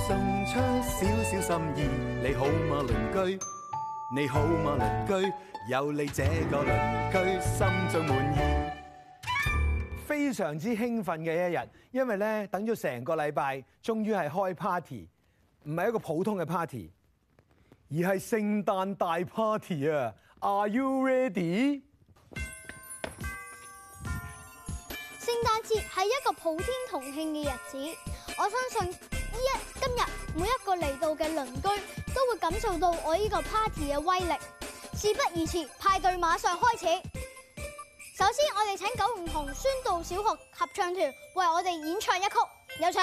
送出少少心意，你好嗎鄰居？你好嗎鄰居？有你這個鄰居，心最滿意。非常之興奮嘅一日，因為咧等咗成個禮拜，終於係開 party，唔係一個普通嘅 party，而係聖誕大 party 啊！Are you ready？聖誕節係一個普天同慶嘅日子，我相信。今日每一個嚟到嘅鄰居都會感受到我呢個 party 嘅威力。事不宜遲，派對馬上開始。首先，我哋請九龍塘宣道小學合唱團為我哋演唱一曲，有請。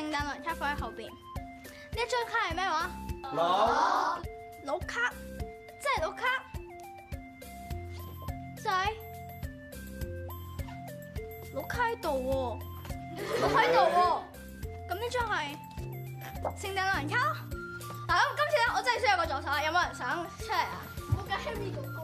聖誕老人卡放喺後邊，呢一張卡係咩話？老、啊、老卡，即係老卡仔，老卡喺度喎，老喺度喎，咁呢的、哦、張係聖誕老人卡。嗱咁今次咧，我真係需要個助手，有冇人想出嚟啊？我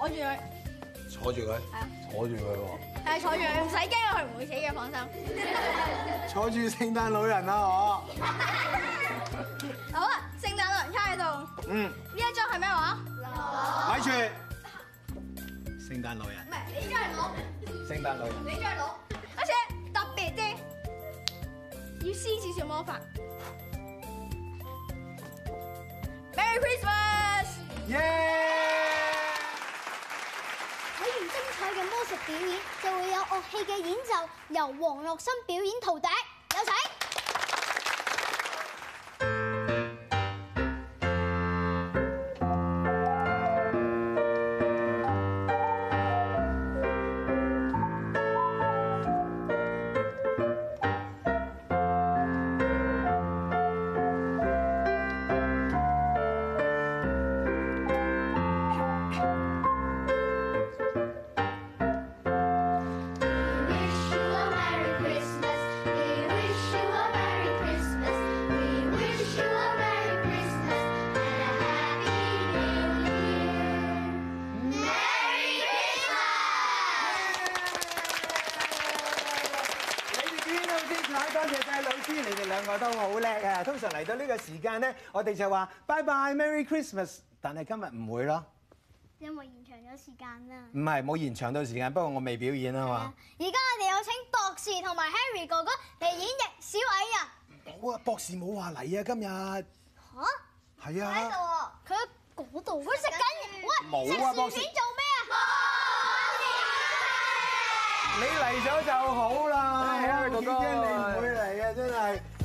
坐住佢，啊、坐住佢，係啊，啊，坐住佢喎。係坐住佢，唔使驚，佢唔會死嘅，放心。坐住聖誕老人啦，我 好啊，聖誕老人卡喺度。嗯。呢一張係咩畫？老。住。聖誕老人。唔係，你、嗯、張係老。留留聖誕老人。你張係老。我而且特別啲，要施展小魔法。Merry Christmas。Yeah. 表演，演就會有樂器嘅演奏，由黃樂心表演徒弟，有請。通常嚟到呢個時間咧，我哋就話拜拜，Merry Christmas。但係今日唔會咯。因為延長咗時間啦，唔係冇延長到時間，不過我未表演啊嘛。而家我哋有請博士同埋 Harry 哥哥嚟演繹小矮人啊！好啊，博士冇話嚟啊今日。吓？係啊。喺度！佢喺嗰度。佢食緊。喂。冇啊，博士。做咩啊？你嚟咗就好啦。Harry 哥哥，你唔會嚟啊，真係。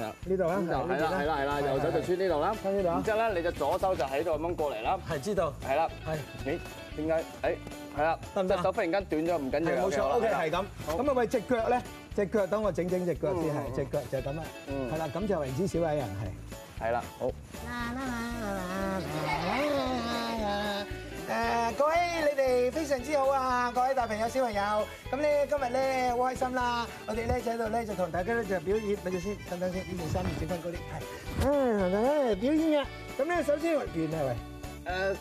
呢度啦，係啦係啦係啦，右手就穿呢度啦，咁之後咧，你就左手就喺度掹過嚟啦。係知道，係啦，係你點解？係啦，得唔得手？忽然間短咗唔緊要，冇錯。OK，係咁。好，咁啊，喂，隻腳咧，隻腳等我整整隻腳先係，隻腳就係咁啦。嗯，係啦，咁就為之小矮人係，係啦，好。誒各位你哋非常之好啊！各位大朋友小朋友，咁咧今日咧好開心啦！我哋咧就喺度咧就同大家咧就表演，咪住先，等等先，呢件衫要整翻高啲，係。嗯，等等咧表演嘅，咁咧首先完係咪？誒，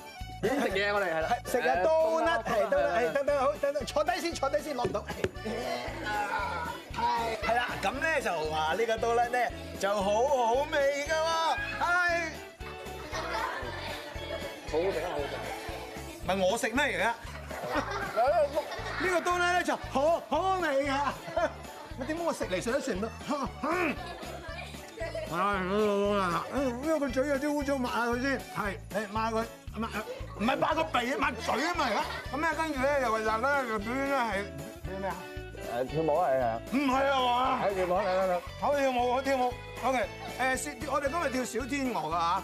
先食嘢我哋係啦，食啊冬甩，係冬甩，係等等好，等等坐低先，坐低先落唔到。係。係啦，咁咧就話呢個冬甩咧就好好味㗎喎，係。好好食啊，好好食。係我食咩而家？呢個刀咧就好好味啊！我點解我食嚟食都食唔到？啊！呢個嘴有啲污糟，抹下佢先。係係抹下佢，抹唔係抹個鼻，抹嘴啊嘛而家。咁咧跟住咧又為大家表演咧係做咩啊？誒跳舞係啊？唔係啊嘛？係跳舞嚟啦！好跳舞，好跳舞。OK，誒，我哋今日跳小天鵝㗎嚇。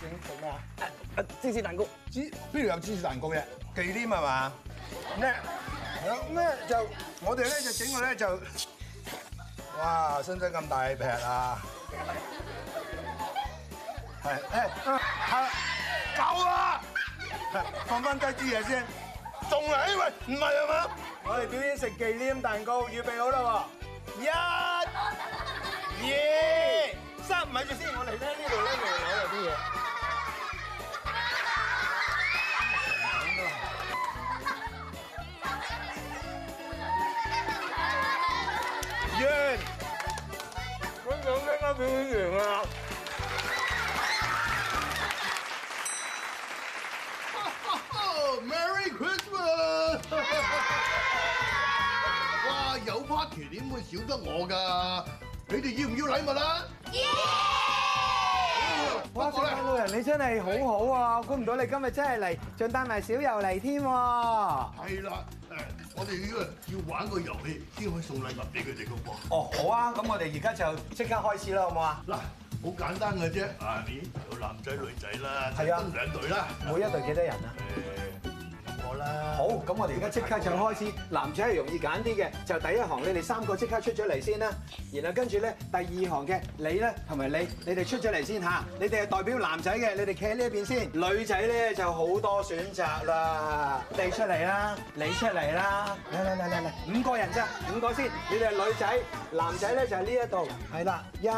整做咩啊？芝士蛋糕，芝，邊度有芝士蛋糕啫？忌廉係嘛？咩？係咯咩？就我哋咧就整嘅咧就，哇！新疆咁大片劈啊！係誒，好走啦！放翻低啲嘢先，仲嚟喂？唔係啊嘛？我哋表演食忌廉蛋糕，預備好啦！一二！三唔係住先，我嚟咧呢度咧，又攞有啲嘢。羊，我想聽啱啲咩啊？Oh, Merry Christmas！哇，有 party 點會少得我㗎？你哋要唔要禮物啊？哇！聖誕老人，你真係好好啊！估唔到你今日真係嚟，仲帶埋小遊嚟添喎。係啦，誒，我哋呢個要玩個遊戲先可以送禮物俾佢哋嘅噃。哦，好啊，咁我哋而家就即刻開始啦，好唔好啊？嗱，好簡單嘅啫，啊，你有男仔女仔啦，分兩隊啦，每一隊幾多人啊？咁我哋而家即刻就開始，男仔係容易揀啲嘅，就第一行你哋三個即刻出咗嚟先啦。然後跟住咧，第二行嘅你咧同埋你，你哋出咗嚟先嚇，你哋係代表男仔嘅，你哋企喺呢一邊先。女仔咧就好多選擇啦，你出嚟啦，你出嚟啦，嚟嚟嚟嚟嚟，五個人啫，五個先，你哋係女仔，男仔咧就係呢一度，係啦，一、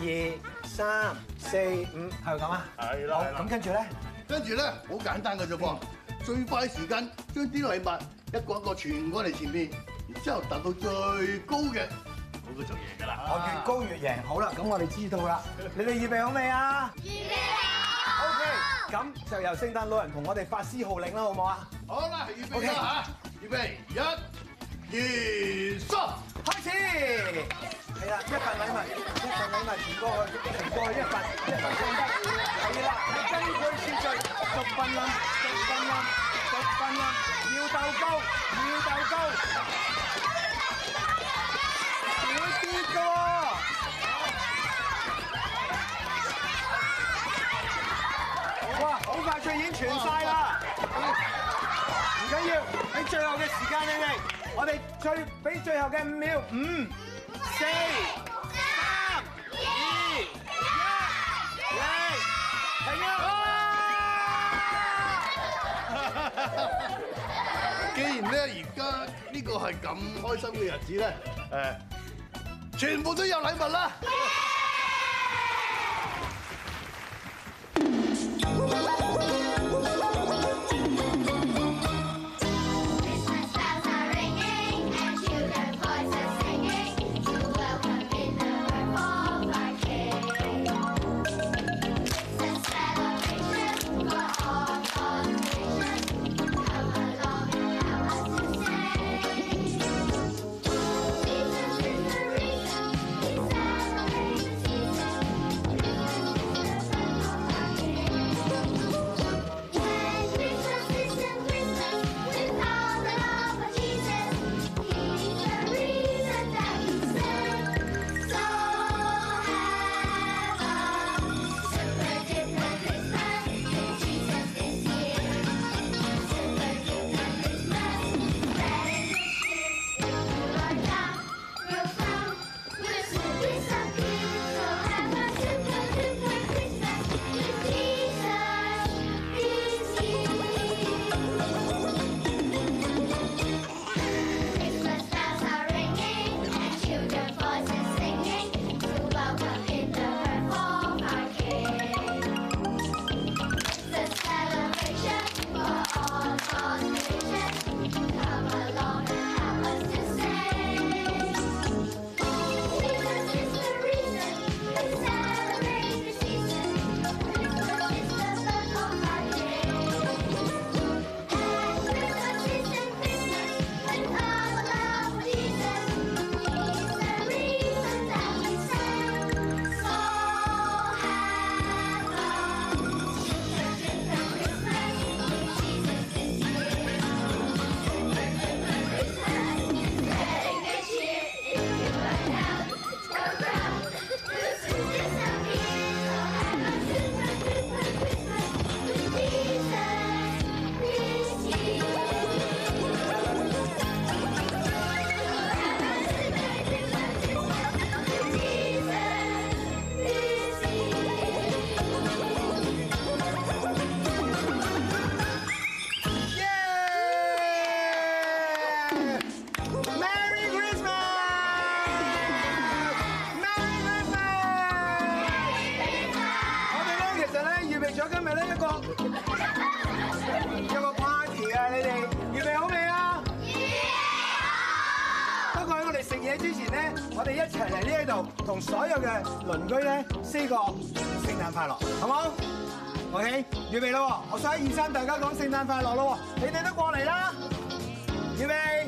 二、三、四、五，係咪咁啊？係啦，好，咁跟住咧，跟住咧好簡單㗎啫噃。最快時間將啲禮物一個一個傳過嚟前面，然之後達到最高嘅，嗰個就贏㗎啦。我越高越贏。好啦，咁我哋知道啦。你哋預備好未啊？預備好。O K，咁就由聖誕老人同我哋發施號令啦，好唔好啊？好啦，預備一下。預備一、二、三，開始。係啦，一份禮物，一份禮物傳過去，再一份，一份更加，食粉林，食粉林，食粉林，要豆糕，要豆糕，會跌㗎喎！哇，好快佢已經傳晒啦！唔緊要，俾最後嘅時間你哋，我哋最俾最後嘅五秒，五、四。呢個係咁開心嘅日子咧，誒，全部都有禮物啦！嚟呢度同所有嘅鄰居咧，四個聖誕快樂，好唔好？OK 預備咯！我想一二三大家講聖誕快樂咯，你哋都過嚟啦，預備。